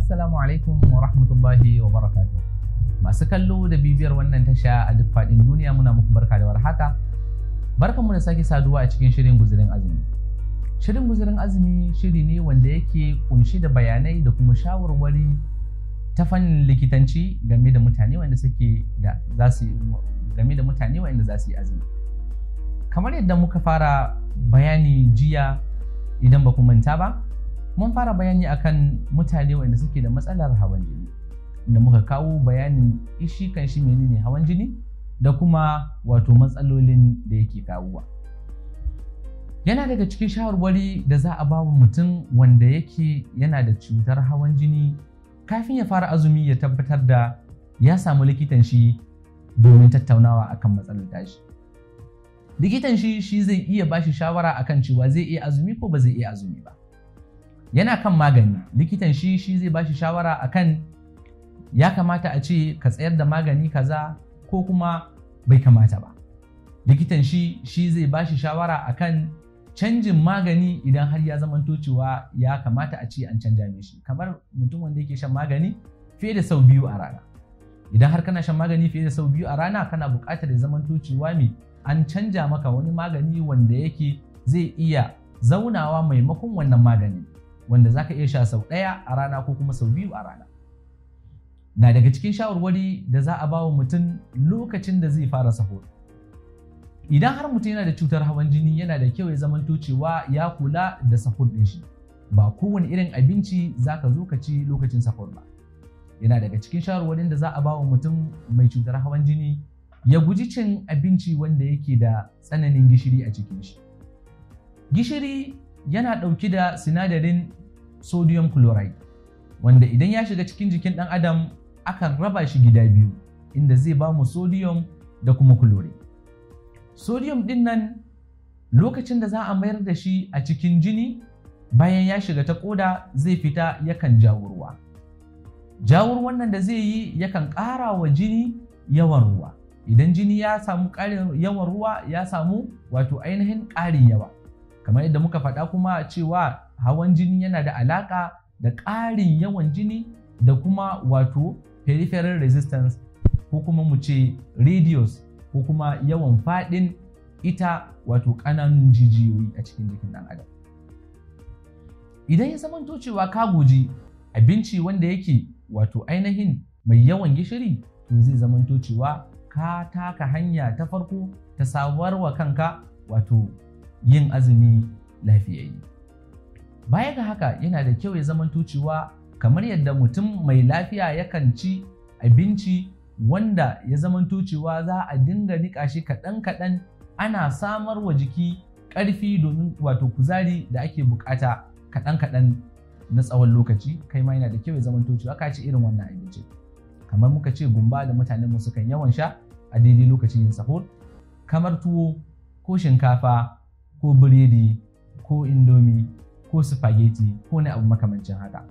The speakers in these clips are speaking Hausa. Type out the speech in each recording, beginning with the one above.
Assalamu alaikum wa rahmatullahi wa barakatu. Masu kallo da bibiyar wannan tasha a duk faɗin duniya muna muku barka da warhaka. Barkan mu da sake saduwa a cikin shirin guzurin azumi. Shirin guzurin azumi shiri ne wanda yake kunshi da bayanai da kuma shawarwari ta fannin likitanci game da mutane wanda suke da za su game da mutane wanda za su yi azumi. Kamar yadda muka fara bayani jiya idan ba ku manta ba, mun fara bayani akan mutane wanda suke da matsalar hawan jini inda muka kawo bayanin ishi kan shi menene hawan jini da kuma wato matsalolin da yake kawowa yana daga cikin shawarwari da za a bawa mutum wanda yake yana da cutar hawan jini kafin ya fara azumi ya tabbatar da ya samu likitan shi domin tattaunawa akan matsalar tashi likitan shi shi zai iya bashi shawara akan cewa zai iya azumi ko ba zai iya azumi ba yana kan magani likitan shi shi zai bashi shawara akan ya kamata a ce ka tsayar da magani kaza ko kuma bai kamata ba likitan shi shi zai bashi shawara akan canjin magani idan har ya zama cewa ya kamata a ce an canja shi kamar mutum wanda yake shan magani fiye da sau biyu a rana idan har kana shan magani fiye da sau biyu a rana kana buƙatar ya zamanto cewa me an canja maka wani magani wanda yake zai iya zaunawa maimakon wannan magani wanda zaka iya sha sau ɗaya a rana ko kuma sau biyu a rana na daga cikin shawarwari da za a ba wa mutum lokacin da zai fara sahur idan har mutum yana da cutar hawan jini yana da kyau ya zamanto cewa ya kula da sahur ɗin shi ba kowane irin abinci za ka zo ka ci lokacin sahur ba yana daga cikin shawarwarin da za a ba wa mutum mai cutar hawan jini ya guji cin abinci wanda yake da tsananin gishiri a cikin shi gishiri yana ɗauki da sinadarin sodium chloride wanda idan ya shiga cikin jikin ɗan adam akan raba shi gida biyu inda zai ba mu sodium da kuma chloride. sodium ɗin nan lokacin da za a mayar da shi a cikin jini bayan ya shiga ta ƙoda, zai fita yakan jawo ruwa jawur wannan da zai yi yakan ƙara wa jini yawan ruwa idan jini ya samu ƙarin yawan ruwa ya samu wato ainihin ƙarin yawa kamar yadda muka faɗa kuma cewa hawan jini yana da alaƙa da ƙarin yawan jini da kuma wato peripheral resistance ko kuma mu ce radius ko kuma yawan faɗin ita wato ƙananun jijiyoyi a cikin jikin ɗan adam idan ya zamanto cewa ka guji abinci wanda yake wato ainihin mai yawan gishiri to zai zamanto cewa ka taka hanya ta farko ta sabuwar wa kanka wato yin azumi lafiyayye baya ga haka yana da kyau ya zama cewa kamar yadda mutum mai lafiya yakan ci abinci wanda ya zama cewa za a dinga niƙa shi kaɗan-kaɗan ana samar wa jiki ƙarfi domin wato kuzari da ake buƙata kaɗan-kaɗan na tsawon lokaci kai ma yana da kyau ya zama cewa ka ci irin wannan abinci kamar muka ce gumba da mutanenmu sukan yawan sha a daidai lokacin yin sahur kamar tuwo ko shinkafa ko biredi ko indomi ko spaghetti ko na abu makamancin haka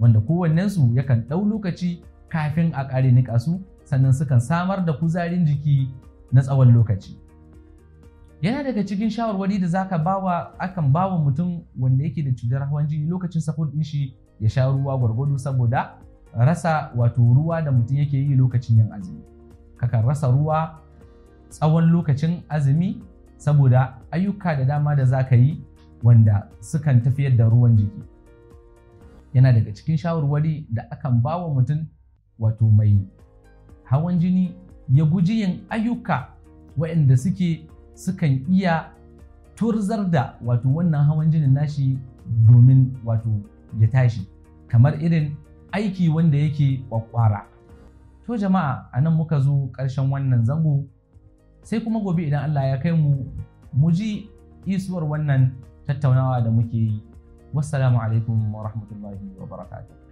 wanda kowannensu yakan ɗau lokaci kafin a ƙare niƙa su sannan sukan samar da kuzarin jiki na tsawon lokaci yana daga cikin shawarwari da zaka bawa akan bawa mutum wanda yake da cutar hawan jini lokacin sahur ɗin shi ya sha ruwa gwargwado saboda rasa wato ruwa da mutum yake yi lokacin yin azumi kakan rasa ruwa tsawon lokacin azumi saboda ayyuka da dama da za ka yi wanda sukan tafiyar da ruwan jiki yana daga cikin shawarwari da akan ba wa mutum wato mai hawan jini ya guji yin ayyuka waɗanda suke sukan iya turzar da wato wannan hawan jinin nashi domin wato ya tashi kamar irin aiki wanda yake kwakwara to jama'a anan muka zo ƙarshen wannan zango sai kuma gobe idan Allah ya kai mu mu ji isuwar wannan tattaunawa da muke yi wassalamu alaikum wa rahmatullahi wa barakatuh